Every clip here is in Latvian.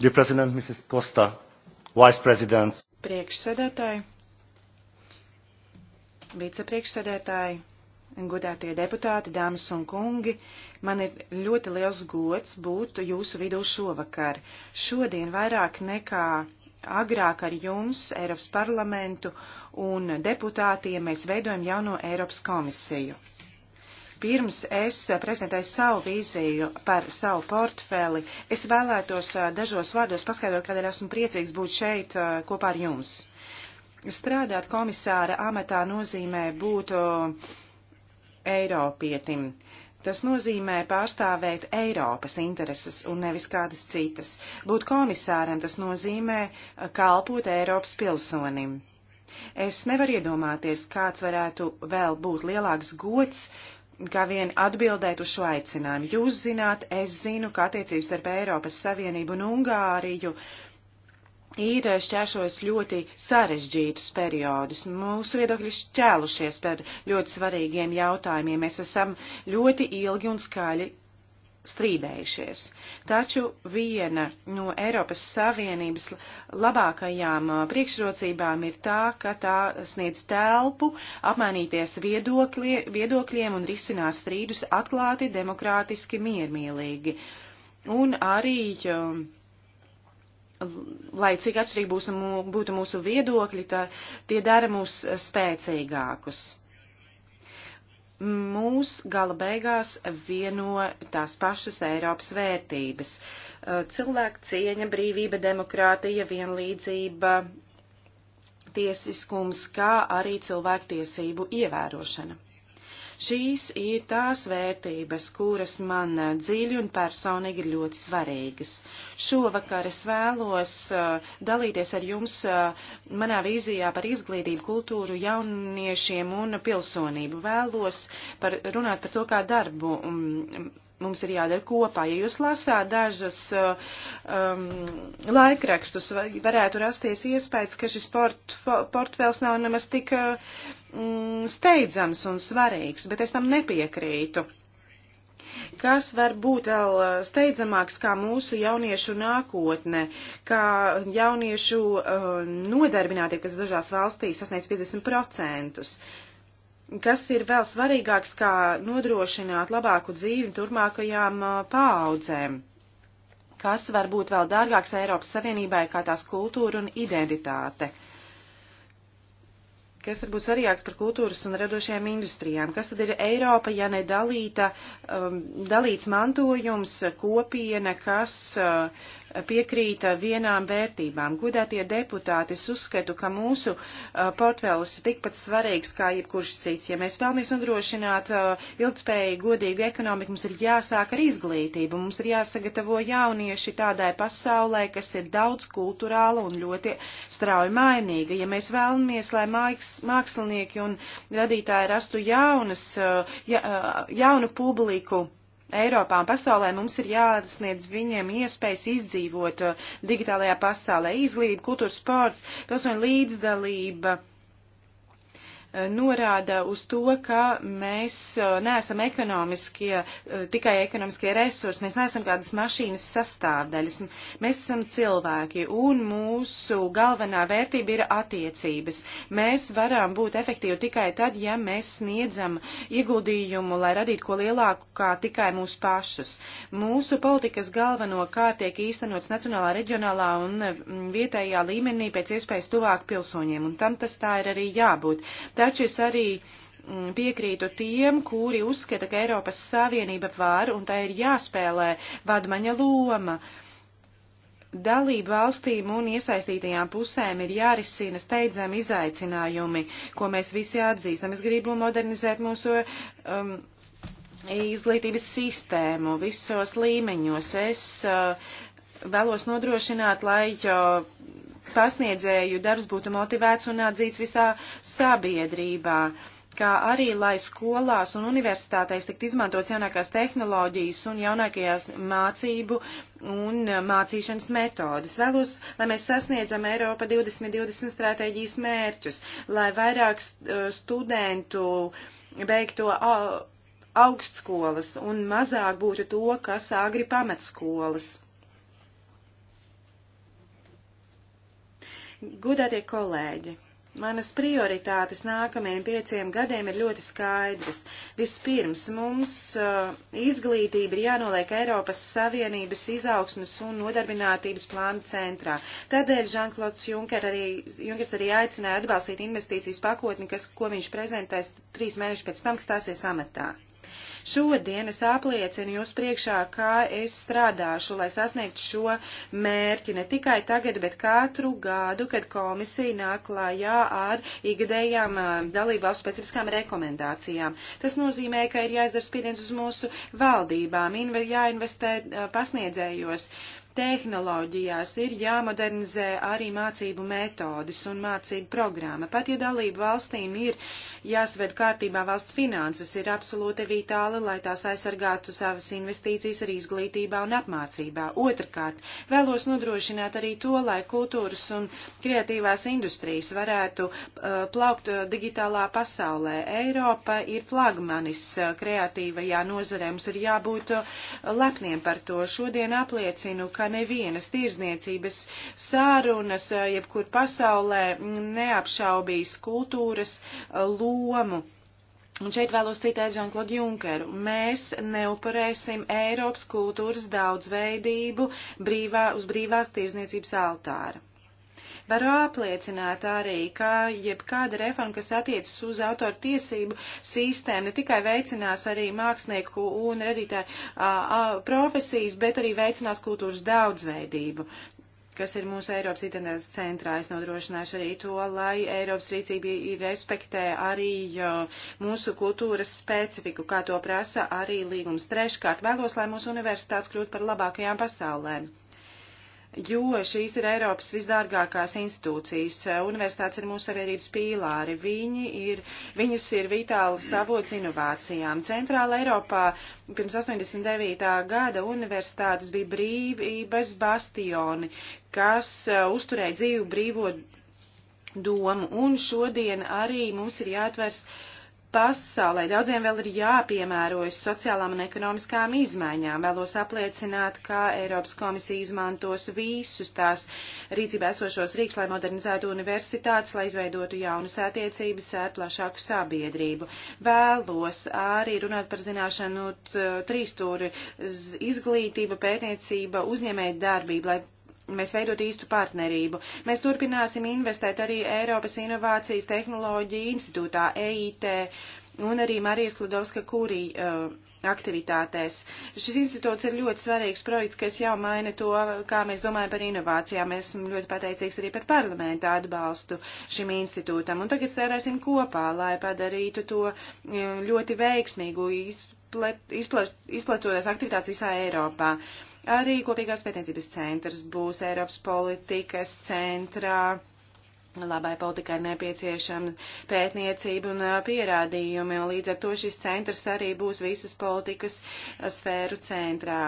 Dear President, Mrs. Costa, Vice Presidents. Priekšsēdētāji, vicepriekšsēdētāji, Godātie deputāti, dāmas un kungi, man ir ļoti liels gods būt jūsu vidū šovakar. Šodien vairāk nekā agrāk ar jums, Eiropas parlamentu un deputātiem, mēs veidojam jauno Eiropas komisiju. Pirms es prezentēju savu vīziju par savu portfeli, es vēlētos dažos vārdos paskaidrot, kādēļ esmu priecīgs būt šeit kopā ar jums. Strādāt komisāra amatā nozīmē būt Eiropietim. Tas nozīmē pārstāvēt Eiropas intereses un nevis kādas citas. Būt komisāram tas nozīmē kalpot Eiropas pilsonim. Es nevaru iedomāties, kāds varētu vēl būt lielāks gods kā vien atbildēt uz šo aicinājumu. Jūs zināt, es zinu, ka attiecības starp Eiropas Savienību un Ungāriju ir šķēršos ļoti sarežģītus periodus. Mūsu viedokļi šķēlušies par ļoti svarīgiem jautājumiem. Mēs esam ļoti ilgi un skaļi strīdējušies. Taču viena no Eiropas Savienības labākajām uh, priekšrocībām ir tā, ka tā sniedz telpu apmainīties viedokļie, viedokļiem un risināt strīdus atklāti, demokrātiski, miermīlīgi. Un arī, um, lai cik atšķirīgi būs, būtu mūsu viedokļi, tā, tie dara mūs spēcīgākus mūs gala beigās vieno tās pašas Eiropas vērtības. Uh, Cilvēka cieņa, brīvība, demokrātija, vienlīdzība, tiesiskums, kā arī cilvēktiesību ievērošana. Šīs ir tās vērtības, kuras man dziļi un personīgi ir ļoti svarīgas. Šovakar es vēlos uh, dalīties ar jums uh, manā vīzijā par izglītību, kultūru, jauniešiem un pilsonību. Vēlos par, runāt par to, kā darbu um, mums ir jādara kopā. Ja jūs lasāt dažus uh, um, laikrakstus, varētu rasties iespējas, ka šis portf portfels nav nemaz tik um, steidzams un svarīgs, bet es tam nepiekrītu kas var būt vēl uh, steidzamāks kā mūsu jauniešu nākotne, kā jauniešu uh, nodarbinātie, kas dažās valstīs sasniedz 50% kas ir vēl svarīgāks, kā nodrošināt labāku dzīvi turpmākajām paaudzēm, kas var būt vēl dārgāks Eiropas Savienībai kā tās kultūra un identitāte kas varbūt svarīgāks par kultūras un radošajām industrijām. Kas tad ir Eiropa, ja ne dalīta, um, dalīts mantojums, kopiena, kas uh, piekrīta vienām vērtībām. Gudētie deputāti, es uzskatu, ka mūsu portfēlis ir tikpat svarīgs kā jebkurš cits. Ja mēs vēlamies nodrošināt ilgspējīgu, godīgu ekonomiku, mums ir jāsāk ar izglītību, mums ir jāsagatavo jaunieši tādai pasaulē, kas ir daudz kulturāla un ļoti strauji mainīga. Ja mēs vēlamies, lai mākslinieki un radītāji rastu jaunas, ja, jaunu publiku, Eiropā un pasaulē mums ir jāsniedz viņiem iespējas izdzīvot uh, digitālajā pasaulē. Izglītība, kultūras, sports, pilsoņu līdzdalība, uh, norāda uz to, ka mēs uh, neesam ekonomiskie, uh, tikai ekonomiskie resursi, mēs neesam kādas mašīnas sastāvdaļas, mēs esam cilvēki un mūsu galvenā vērtība ir attiecības. Mēs varam būt efektīvi tikai tad, ja mēs sniedzam ieguldījumu, lai radītu ko lielāku kā tikai mūsu pašus. Mūsu politikas galveno kārt tiek īstenots nacionālā, reģionālā un mm, vietējā līmenī pēc iespējas tuvāk pilsoņiem, un tam tas tā ir arī jābūt Taču es arī mm, piekrītu tiem, kuri uzskata, ka Eiropas Savienība var un tā ir jāspēlē vadmaņa loma. Dalību valstīm un iesaistītajām pusēm ir jārisina steidzami izaicinājumi, ko mēs visi atzīstam. Es gribu modernizēt mūsu um, izglītības sistēmu visos līmeņos. Es uh, vēlos nodrošināt, lai uh, pasniedzēju darbs būtu motivēts un atzīts visā sabiedrībā kā arī, lai skolās un universitātēs tiktu izmantots jaunākās tehnoloģijas un jaunākajās mācību un mācīšanas metodas. Vēlos, lai mēs sasniedzam Eiropa 2020 stratēģijas mērķus, lai vairāk e, studentu beigto augstskolas un mazāk būtu to, kas agri pamatskolas. Gudātie kolēģi, manas prioritātes nākamajiem pieciem gadiem ir ļoti skaidras. Vispirms mums uh, izglītība ir jānoliek Eiropas Savienības izaugsmas un nodarbinātības plāna centrā. Tādēļ Žanklots Junker arī, Junkers arī aicināja atbalstīt investīcijas pakotni, kas, ko viņš prezentēs trīs mēnešus pēc tam, kas stāsies amatā. Šodien es apliecinu jūs priekšā, kā es strādāšu, lai sasniegtu šo mērķi ne tikai tagad, bet katru gadu, kad komisija nāk klājā ar ikgadējām dalībvalstu specifiskām rekomendācijām. Tas nozīmē, ka ir jāizdara spiediens uz mūsu valdībām, jāinvestē pasniedzējos. Uh, tehnoloģijās ir jāmodernizē arī mācību metodas un mācību programma. Pat ja dalību valstīm ir jāsved kārtībā valsts finanses, ir absolūti vitāli, lai tās aizsargātu savas investīcijas arī izglītībā un apmācībā. Otrakārt, vēlos nodrošināt arī to, lai kultūras un kreatīvās industrijas varētu uh, plaukt uh, digitālā pasaulē. Eiropa ir flagmanis uh, kreatīvajā nozarē. Mums ir jābūt uh, lepniem par to. Šodien apliecinu, ka nevienas tirzniecības sārunas, eh, jebkur pasaulē neapšaubīs kultūras eh, lomu. Un šeit vēlos citēt Žanklodu Junkeru. Mēs neuparēsim Eiropas kultūras daudzveidību brīvā, uz brīvās tirzniecības altāra. Varu apliecināt arī, ka jebkāda reforma, kas attiecas uz autoru tiesību sistēmu, ne tikai veicinās arī mākslinieku un redītāju profesijas, bet arī veicinās kultūras daudzveidību kas ir mūsu Eiropas internetas centrā. Es nodrošināšu arī to, lai Eiropas rīcība respektē arī mūsu kultūras specifiku, kā to prasa arī līgums. Treškārt, vēlos, lai mūsu universitātes kļūtu par labākajām pasaulēm jo šīs ir Eiropas visdārgākās institūcijas. Universitātes ir mūsu sabiedrības pīlāri. Viņi ir, viņas ir vitāli savots inovācijām. Centrāla Eiropā pirms 89. gada universitātes bija brīvības bastioni, kas eh, uzturēja dzīvu brīvo domu. Un šodien arī mums ir jāatvers uh, pasaulē. Daudziem vēl ir jāpiemērojas sociālām un ekonomiskām izmaiņām. Vēlos apliecināt, ka Eiropas komisija izmantos visus tās rīcībā esošos rīks, lai modernizētu universitātes, lai izveidotu jaunas attiecības ar plašāku sabiedrību. Vēlos arī runāt par zināšanu trīstūri izglītība, pētniecība, uzņēmēja darbība, lai mēs veidot īstu partnerību. Mēs turpināsim investēt arī Eiropas Inovācijas tehnoloģiju institūtā EIT un arī Marijas Kludovska Kūrī uh, aktivitātēs. Šis institūts ir ļoti svarīgs projekts, kas jau maina to, kā mēs domājam par inovācijām. Mēs esam ļoti pateicīgs arī par parlamentu atbalstu šim institūtam. Un tagad strādāsim kopā, lai padarītu to um, ļoti veiksmīgu izplat, izplat, izplatoties aktivitātes visā Eiropā. Uh, Arī kopīgās pētniecības centrs būs Eiropas politikas centrā. Labai politikai ir nepieciešama pētniecība un uh, pierādījumi, un līdz ar to šis centrs arī būs visas politikas uh, sfēru centrā.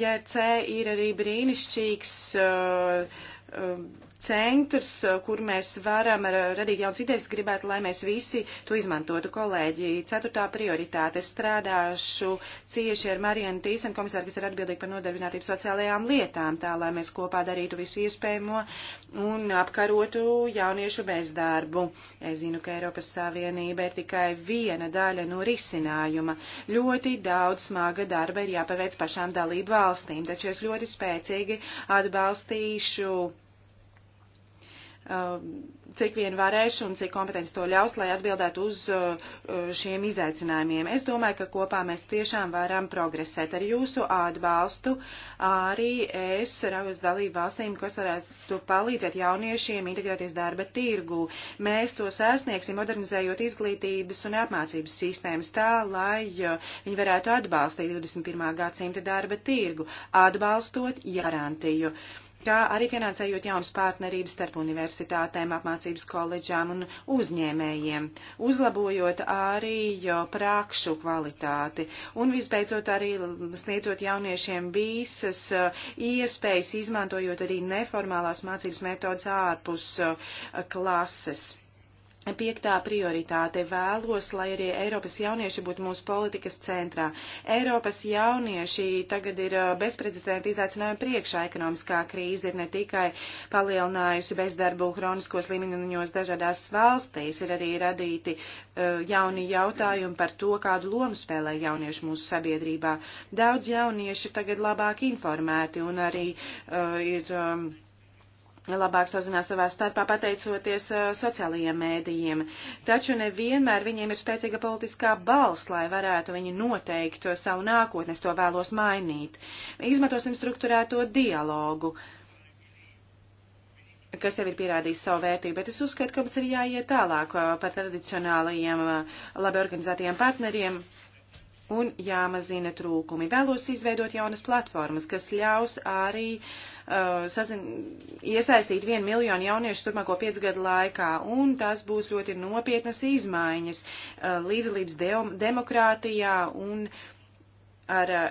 JRC ir arī brīnišķīgs uh, Um, centrs, uh, kur mēs varam uh, radīt jaunas idejas, gribētu, lai mēs visi to izmantotu. Kolēģi, ceturtā prioritāte. Es strādāšu cieši ar Marianu Tīsenu, komisāru, kas ir atbildīgi par nodarbinātību sociālajām lietām, tā lai mēs kopā darītu visu iespējamo un apkarotu jauniešu bezdarbu. Es zinu, ka Eiropas Savienība ir tikai viena daļa no risinājuma. Ļoti daudz smaga darba ir jāpaveic pašām dalību valstīm, taču es ļoti spēcīgi atbalstīšu Um, cik vien varēšu un cik kompetenci to ļaus, lai atbildētu uz uh, uh, šiem izaicinājumiem. Es domāju, ka kopā mēs tiešām varam progresēt ar jūsu atbalstu. Arī es raugos dalību valstīm, kas varētu palīdzēt jauniešiem integrēties darba tirgu. Mēs to sasniegsim, modernizējot izglītības un apmācības sistēmas tā, lai uh, viņi varētu atbalstīt 21. gadsimta darba tirgu, atbalstot garantiju. Ja kā arī finansējot jaunas partnerības starp universitātēm, apmācības koledžām un uzņēmējiem, uzlabojot arī prākšu kvalitāti un visbeidzot arī sniedzot jauniešiem visas uh, iespējas, izmantojot arī neformālās mācības metodas ārpus uh, klases. Piektā prioritāte vēlos, lai arī Eiropas jaunieši būtu mūsu politikas centrā. Eiropas jaunieši tagad ir uh, bezprecedenta izaicinājuma priekšā. Ekonomiskā krīze ir ne tikai palielinājusi bezdarbu hronisko slimniņos dažādās valstīs, ir arī radīti uh, jauni jautājumi par to, kādu lomu spēlē jaunieši mūsu sabiedrībā. Daudz jaunieši tagad labāk informēti un arī uh, ir. Um, labāk sazinās savā starpā pateicoties uh, sociālajiem mēdījiem. Taču nevienmēr viņiem ir spēcīga politiskā balss, lai varētu viņi noteikt uh, savu nākotnes, to vēlos mainīt. Izmantosim struktūrēto dialogu kas jau ir pierādījis savu vērtību, bet es uzskatu, ka mums ir jāiet tālāk uh, par tradicionālajiem, uh, labi organizētajiem partneriem, un jāmazina trūkumi. Vēlos izveidot jaunas platformas, kas ļaus arī Uh, sazin, iesaistīt vienu miljonu jauniešu turpmāko piecu gadu laikā, un tas būs ļoti nopietnas izmaiņas uh, līdzdalības demokrātijā un ar uh,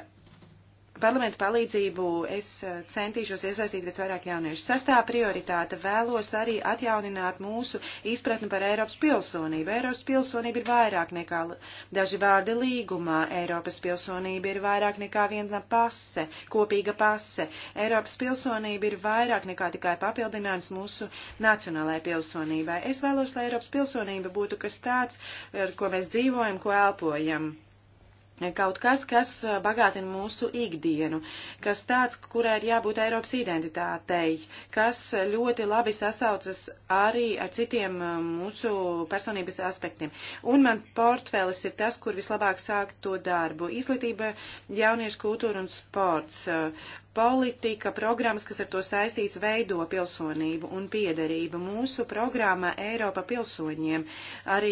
parlamentu palīdzību es eh, centīšos iesaistīt pēc vairāk jauniešu. Sastā prioritāte vēlos arī atjaunināt mūsu izpratni par Eiropas pilsonību. Eiropas pilsonība ir vairāk nekā daži vārdi līgumā. Eiropas pilsonība ir vairāk nekā viena pase, kopīga pase. Eiropas pilsonība ir vairāk nekā tikai papildinājums mūsu nacionālajai pilsonībai. Es vēlos, lai Eiropas pilsonība būtu kas tāds, ar ko mēs dzīvojam, ko elpojam. Kaut kas, kas uh, bagātina mūsu ikdienu, kas tāds, kurai ir jābūt Eiropas identitātei, kas ļoti labi sasaucas arī ar citiem uh, mūsu personības aspektiem. Un man portfēlis ir tas, kur vislabāk sāk to darbu. Izglītība, jauniešu kultūra un sports. Uh, politika, programmas, kas ar to saistīts, veido pilsonību un piederību. Mūsu programma Eiropa pilsoņiem arī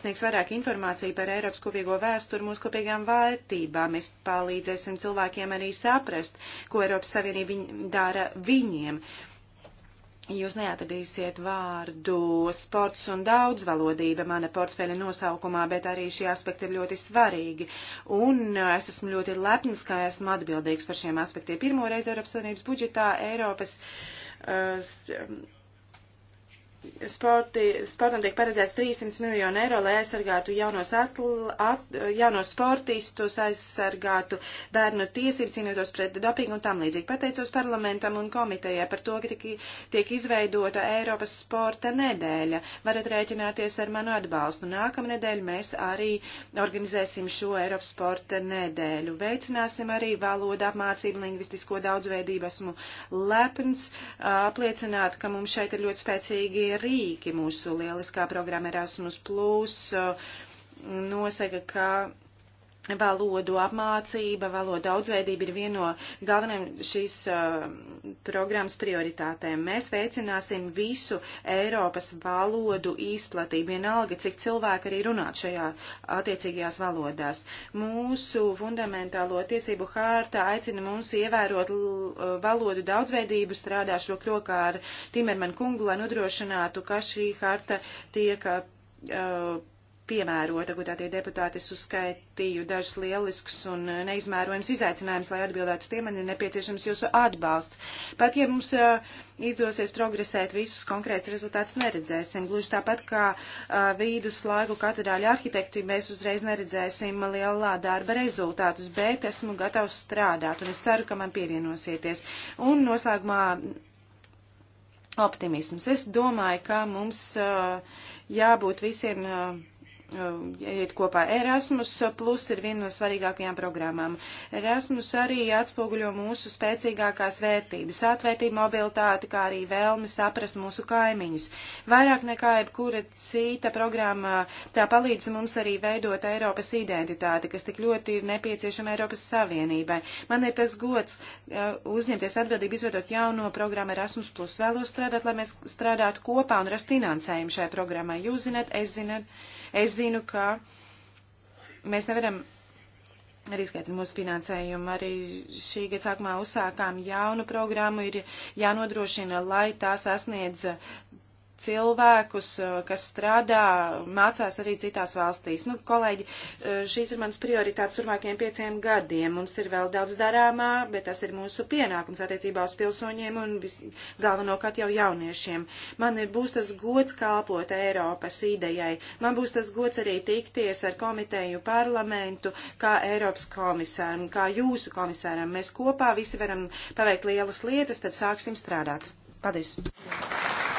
sniegs vairāk informāciju par Eiropas kopīgo vēsturi, mūsu kopīgām vērtībām. Mēs palīdzēsim cilvēkiem arī saprast, ko Eiropas Savienība dara viņiem. Uh, Jūs neatradīsiet vārdu sports un daudzvalodība mana portfeļa nosaukumā, bet arī šie aspekti ir ļoti svarīgi. Un es esmu ļoti lepns, ka esmu atbildīgs par šiem aspektiem. Pirmoreiz Eiropas Savienības budžetā Eiropas. Uh, um, sporti, sportam tiek paredzēts 300 miljonu eiro, lai aizsargātu jaunos, atl, at, jaunos sportistus, aizsargātu bērnu tiesības, cīnītos pret dopingu un tam līdzīgi. Pateicos parlamentam un komitejai par to, ka tiek, tiek izveidota Eiropas sporta nedēļa. Varat rēķināties ar manu atbalstu. Nākamnedēļ mēs arī organizēsim šo Eiropas sporta nedēļu. Veicināsim arī valodu apmācību, lingvistisko daudzveidību. Esmu lepns apliecināt, ka mums šeit ir ļoti spēcīgi lieliskie rīki. Mūsu lieliskā programma Erasmus Plus uh, nosaka, ka Valodu apmācība, valodu daudzveidība ir viena no galvenajām šīs uh, programmas prioritātēm. Mēs veicināsim visu Eiropas valodu izplatību, vienalga, cik cilvēki arī runā šajā attiecīgajās valodās. Mūsu fundamentālo tiesību hārta aicina mums ievērot valodu daudzveidību, strādāšu rokā ar Timerman kungu, lai nodrošinātu, ka šī hārta tiek. Uh, piemērota, ko tātie deputāti es uzskaitīju dažus lielisks un neizmērojams izaicinājums, lai atbildētu tiem, man ir nepieciešams jūsu atbalsts. Pat ja mums izdosies progresēt, visus konkrēts rezultāts neredzēsim. Gluži tāpat kā vīdus laiku katedrāļu arhitektu, mēs uzreiz neredzēsim lielā darba rezultātus, bet esmu gatavs strādāt un es ceru, ka man pievienosieties. Un noslēgumā optimisms. Es domāju, ka mums jābūt visiem iet kopā. Erasmus Plus ir viena no svarīgākajām programmām. Erasmus arī atspoguļo mūsu spēcīgākās vērtības, atvērtību mobilitāti, kā arī vēlmi saprast mūsu kaimiņus. Vairāk nekā jebkura cita programma tā palīdz mums arī veidot Eiropas identitāti, kas tik ļoti ir nepieciešama Eiropas Savienībai. Man ir tas gods uh, uzņemties atbildību izvedot jauno programmu Erasmus Plus. Vēlos strādāt, lai mēs strādātu kopā un rastu finansējumu šai programmai. Jūs zināt, es zināt. Es zinu, ka mēs nevaram arī skaitīt mūsu finansējumu. Arī šī gada sākumā uzsākām jaunu programmu, ir jānodrošina, lai tā sasniedz cilvēkus, eh, kas strādā, mācās arī citās valstīs. Nu, kolēģi, eh, šīs ir manas prioritātes turmākajiem pieciem gadiem. Mums ir vēl daudz darāmā, bet tas ir mūsu pienākums attiecībā uz pilsoņiem un vis, galvenokārt jau jauniešiem. Man ir, būs tas gods kalpot Eiropas idejai. Man būs tas gods arī tikties ar komiteju parlamentu, kā Eiropas komisāram, kā jūsu komisāram. Mēs kopā visi varam paveikt lielas lietas, tad sāksim strādāt. Paldies! Thank you.